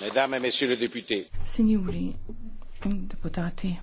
Mesdames et Messieurs les députés. Signori, deputati.